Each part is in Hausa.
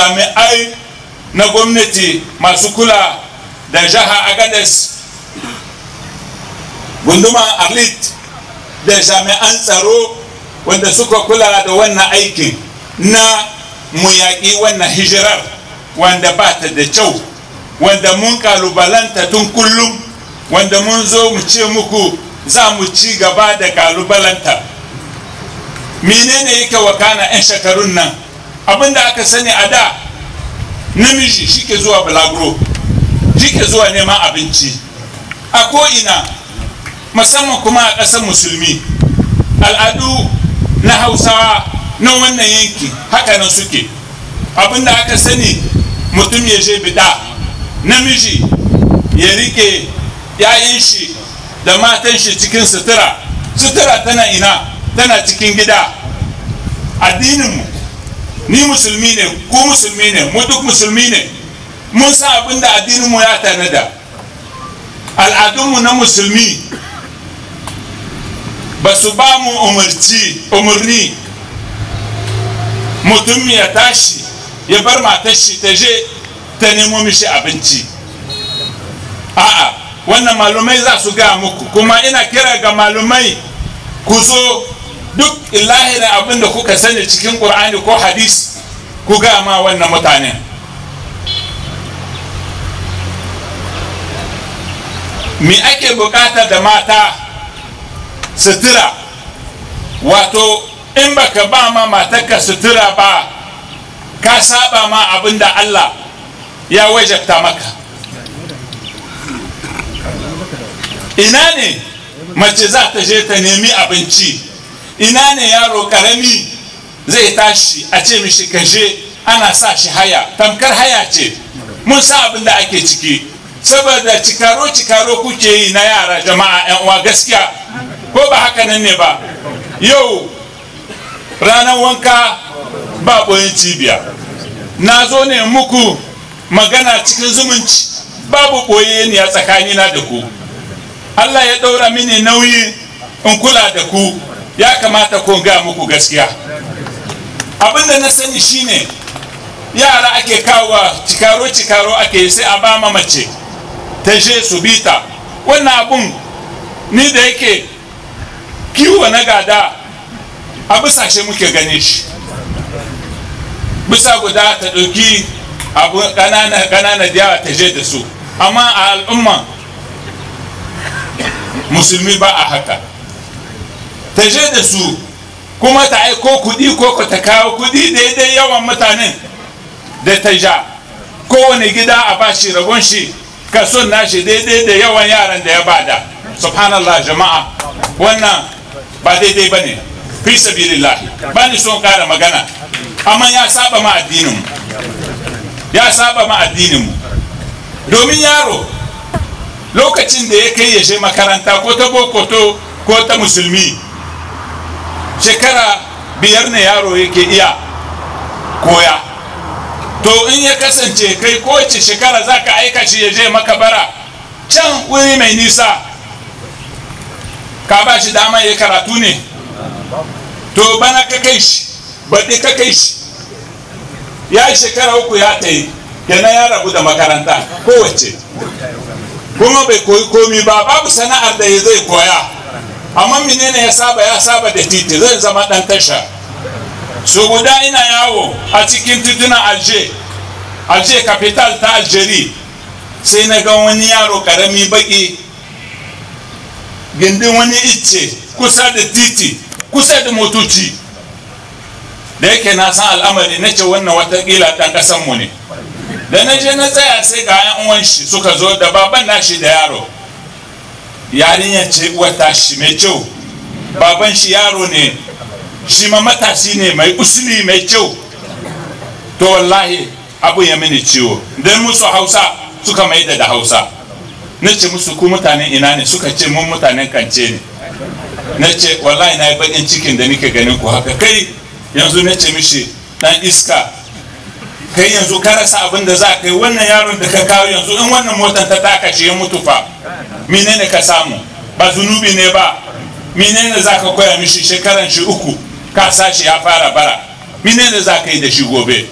jami'ai na gwamnati masu kula da jiha agades gunduman arlit da jami'an tsaro wanda suka kula da wannan aikin na mu yaƙi wannan hijirar wanda ba ta da kyau wanda mun kalubalanta tun kullum wanda mun zo mu ce muku za mu ci gaba da kalubalanta menene yake wakana 'yan shekarun nan abinda aka sani a da namiji shi ke zuwa balaguro shi ke zuwa neman abinci a ko'ina musamman kuma a ƙasar musulmi al'adu na hausawa na wannan yanki haka nan suke abinda aka sani mutum ya je bida namiji ya rike yayin shi da matan shi cikin sutura sutura tana ina tana cikin gida addininmu ni musulmi ne ku musulmi ne mu duk musulmi ne mun sa abin da mu ya tanada al'adunmu na musulmi ba su ba mu umarci umarni mutum ya tashi ya bar matar shi ta je ta nemo mishi abinci a'a wannan malumai za su gaya muku kuma ina kira ga malumai ku zo duk illahi abin da kuka sani cikin ƙur'ani ko hadis ku ga ma wannan mutane, me ake bukata da mata sutura wato in baka ba ma matarka sutura ba ka saba ma abin da allah ya wajabta maka ina ne mace za ta je ta nemi abinci ina ne yaro karami zai tashi a ce mishi kaje ana sa shi haya tamkar haya ce mun sa abin da ake ciki saboda cikaro cikaro kuke yi na yara jama'a yan uwa gaskiya ko ba haka nan ne ba yau ranar wanka ba boyin cibiya na zo ne muku magana cikin zumunci babu ɓoye ne a tsakanina da ku allah ya ɗaura mini nauyi in kula da ku ya kamata ko ga muku gaskiya abin da na sani shine yara ake kawo cikaro cikaro ake yi sai a ba mace ta je su bita wannan abun ni da yake kiwo na gada a bisashe muke gane shi bisa guda ta ɗauki abu ƙanana da ta je da su amma a al'umman musulmi ba a haka ta je da su kuma ta aiko kudi ko ta kawo kudi daidai yawan mutanen da ta ja kowane gida a bashi ragon shi kason nashi daidai da yawan yaran da ya bada subhanallah jama'a wannan ba daidai ba ne fi sabilillah ba ni son kara magana amma ya saba ma addinin ya saba ma addinin domin yaro lokacin da ya kai ya makaranta ko ta boko ko ta musulmi shekara biyar ne yaro yake iya koya to in ya kasance kai kowace shekara za ka aika shi ya je makabara can wuri mai nisa ka ba shi dama ya karatu ne to bana ka kai shi baɗi ka kai shi ya yi shekara uku ya ta yi kenan ya rabu da makaranta kowace kuma bai koyi komi ba babu sana'ar da ya zai koya amma menene ya saba ya saba da titi zai zama dan tasha su guda ina yawo a cikin tituna alje alje capital ta aljeri sai na ga wani yaro karami baki gindin wani icce kusa da titi kusa da motoci da yake na san al'amari na ce wannan watakila dan kasanmu ne da na je na tsaya sai ga 'yan uwan shi suka zo da baban nashi da yaro yarinyar ce wata shi mai kyau baban shi yaro ne shi ma matashi ne mai usuli mai kyau to wallahi abu ya mini ciwo don musu hausa suka mai da hausa na ce musu ku mutanen ina ne suka ce mun mutanen kance ne na ce wallahi na yi bakin cikin da nike ganin ku haka kai yanzu na ce mishi dan iska kai yanzu ka rasa abin da za ka yi wannan yaron da ka kawo yanzu in wannan motar ta taka ce ya mutu fa menene ka samu ba zunubi ne ba menene za ka koya mishi shekaran shi uku ka sa ya fara bara menene za ka yi da shi gobe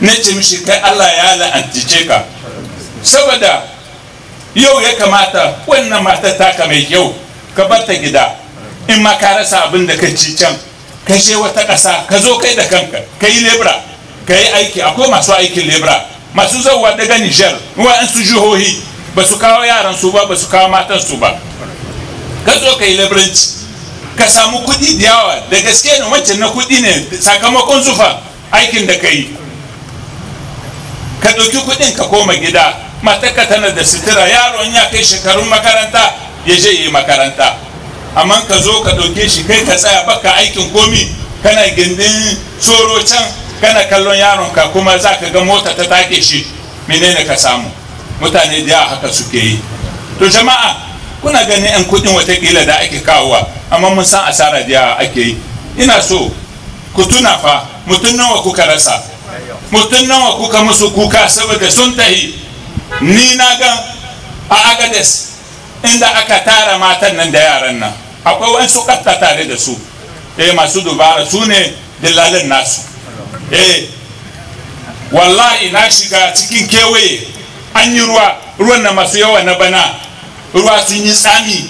na ce mishi kai Allah ya la'antice ka saboda yau ya kamata wannan matar taka mai kyau ka bar ta gida in ma ka rasa abin da ka ci can ka je wata ƙasa ka zo kai da kanka ka yi lebra ka yi aiki akwai masu aikin lebra masu zauwa daga nijar su jihohi ba su kawo yaran su ba ba su kawo matan su ba ka zo ka yi lebranci ka samu kudi da yawa da gaske ne wancan na kudi ne sakamakon zufa aikin da ka yi ka ɗauki kudin ka koma gida matarka tana da sutura yaron ya kai shekarun makaranta ya je yi makaranta amma ka zo ka ɗauke shi kai ka tsaya baka aikin komi kana gindin tsoro can kana kallon yaron ka kuma za ka ga mota ta take shi menene ka samu mutane da yawa haka suke yi to jama'a kuna ganin 'yan kudin watakila da ake kawowa amma mun san asara da ake yi ina so ku tuna fa mutum nawa kuka rasa mutum nawa kuka musu kuka saboda sun tahi ni na ga a agades inda aka tara matan nan da yaran nan akwai wani su tare da su eh masu dubara su ne dillalin nasu eh wallahi na shiga cikin kewaye an yi ruwa ruwan na masu yawa na bana ruwa sun yi tsami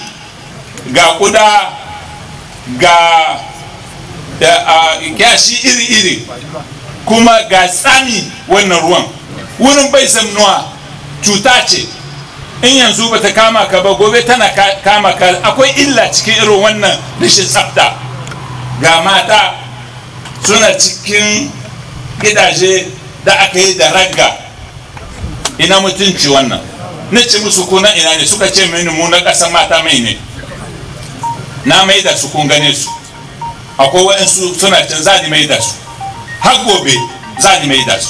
ga kuda ga da kashi iri-iri kuma ga tsami wannan ruwan wurin bai nuwa cuta ce in yanzu ba ta kama ka ba gobe tana kama ka akwai illa cikin irin wannan rashin tsafta ga mata suna cikin gidaje da aka yi da ragga ina mutunci wannan na ce musu ko na ina ne suka ce mini mu na mata mai ne na mai da su kun gane su akwai waɗansu suna can za ni mai da su har gobe za ni mai da su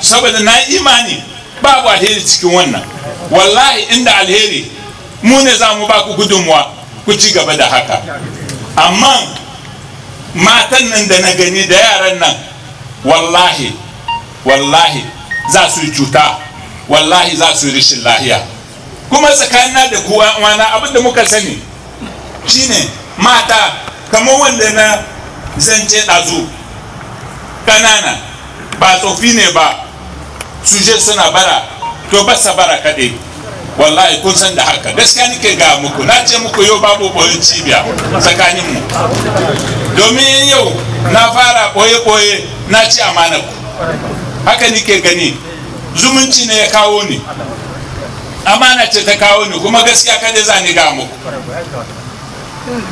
saboda na imani babu alheri cikin wannan wallahi inda alheri mu ne za mu ba ku gudunmuwa ku ci gaba da haka amma matan nan da na gani da yaran nan wallahi wallahi za su yi cuta wallahi za su yi rashin lahiya kuma tsakanin da kuwa wana abinda muka sani shine mata kamar wanda na zance ɗazu ƙanana ba tsofi ne ba Suje suna bara to ba sa bara kaɗai wallahi kun san da haka gaskiya nake ga muku na ce muku yau babu ɓoyin cibiya tsakaninmu domin yau na fara ɓoye-ɓoye na ci amana ku haka nike gani zumunci ne ya kawo ni amana ce ta kawo ni kuma gaskiya kada za ni ga muku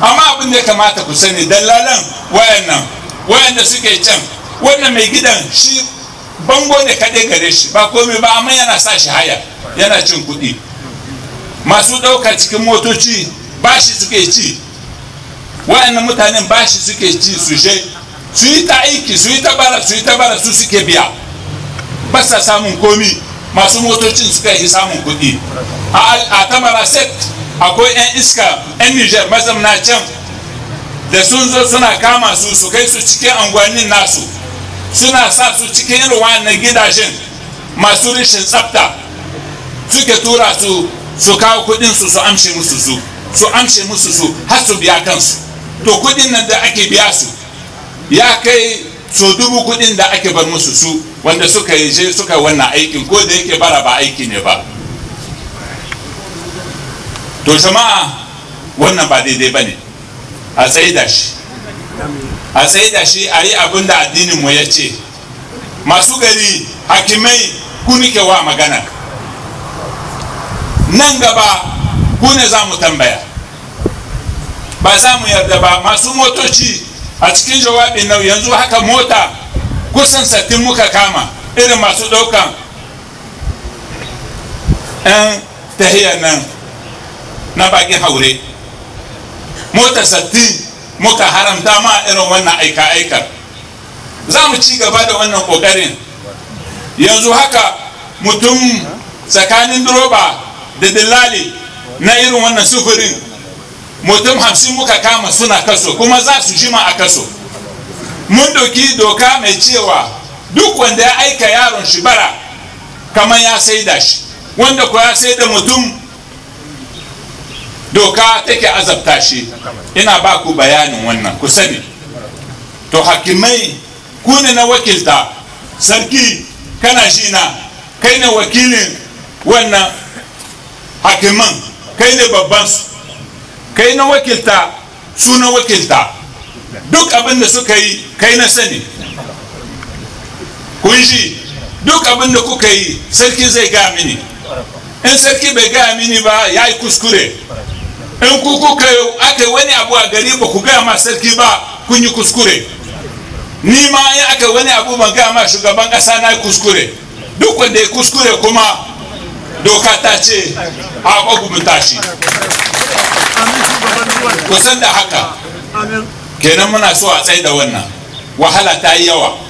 amma abin da kamata ku sani dalalan wayannan wayanda suke can wannan mai gidan shi bango ne kaɗai gare shi ba komai ba amma yana sa shi haya yana cin kuɗi masu ɗauka cikin motoci bashi suke ci wayannan mutanen bashi suke ci su je su yi ta aiki su yi ta bara su yi ta bara su suke biya ba sa samun komi masu motocin suka yi samun kuɗi a tamara set akwai 'yan iska 'yan niger mazamna can da sun zo suna kama su su kai su cikin angwannin nasu suna sa su cikin irin na gidajen masu rishin tsafta suke tura su su kawo kuɗin su su amshe musu su su amshe musu su har su biya kansu to kuɗin nan da ake biya su ya kai so dubu kudin da ake bar musu su wanda suka yi je suka wannan aikin ko da yake bara ba aiki ne ba to jama'a wannan ba daidai ba ne a tsaye da shi a tsaye da shi a yi abin da addininmu ya ce masu gari hakimai ku wa magana nan gaba kuna za mu tambaya ba za mu yarda ba masu motoci a cikin jawabin nau yanzu haka mota kusan sattin muka kama irin masu ɗaukan 'yan tahiyar nan na bakin haure mota sattin muka haramta ma irin wannan aika-aikar za mu ci gaba da wannan ƙoƙarin yanzu haka mutum tsakanin droba da dillali na irin wannan sufurin mutum hamsin muka kama suna kaso kuma za su jima a kaso mun doki doka mai cewa duk wanda ya aika yaron shi bara kamar ya sai da shi wanda ko ya sai da mutum doka take azabta shi ina ba ku bayanin wannan ku sani to hakimai ku ne na wakilta sarki kana shi na kai ne wakilin wannan hakiman kai ne babban su kai na wakilta su na wakilta duk abin da suka yi kai na sani kun shi duk abin da kuka yi sarki zai ga mini in sarki bai gaya mini ba ya yi kuskure in ku kuka aka wani abu a gari ba ku gama sarki ba kun yi kuskure ni ma in aka wani abu ban ma shugaban ƙasa na yi kuskure duk wanda ya kuskure kuma doka ta ce a hukunta shi kusan da haka kenan muna so a tsaye da wannan wahala ta yi yawa